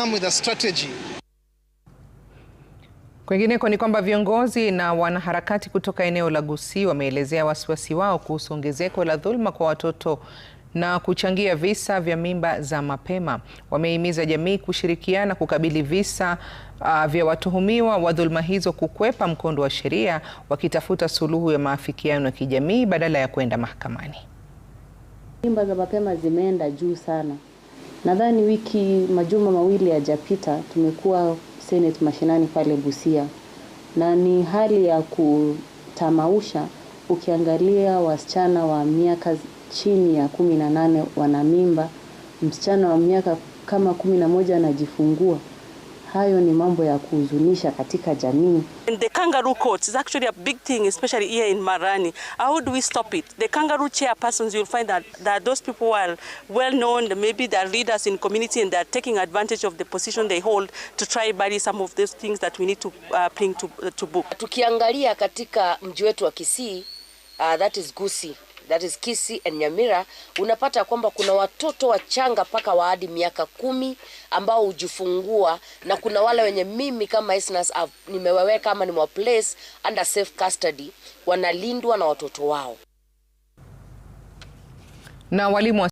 come with a strategy. Kwingineko ni kwamba viongozi na wanaharakati kutoka eneo la Gusii wameelezea wasiwasi wao kuhusu ongezeko la dhuluma kwa watoto na kuchangia visa vya mimba za mapema. Wamehimiza jamii kushirikiana kukabili visa uh, vya watuhumiwa wa dhuluma hizo kukwepa mkondo wa sheria, wakitafuta suluhu ya maafikiano ya kijamii badala ya kwenda mahakamani. Mimba za mapema zimeenda juu sana. Nadhani wiki majuma mawili yajapita tumekuwa Senate mashinani pale Busia, na ni hali ya kutamausha ukiangalia wasichana wa miaka chini ya kumi na nane wana mimba, msichana wa miaka kama kumi na moja anajifungua. Hayo ni mambo ya kuhuzunisha katika jamii. And the kangaroo court is actually a big thing especially here in Marani. How do we stop it? The kangaroo chairpersons you'll find that, that those people are well known, maybe they are leaders in community and they are taking advantage of the position they hold to try bury some of those things that we need to uh, bring to, uh, to book. Tukiangalia katika mji wetu wa Kisii, uh, that is Gusii that is kisi and Nyamira, unapata kwamba kuna watoto wachanga mpaka wa hadi miaka kumi ambao hujifungua, na kuna wale wenye mimi kama Isnas ah, nimewaweka ama nimewaplace under safe custody, wanalindwa na watoto wao na walimu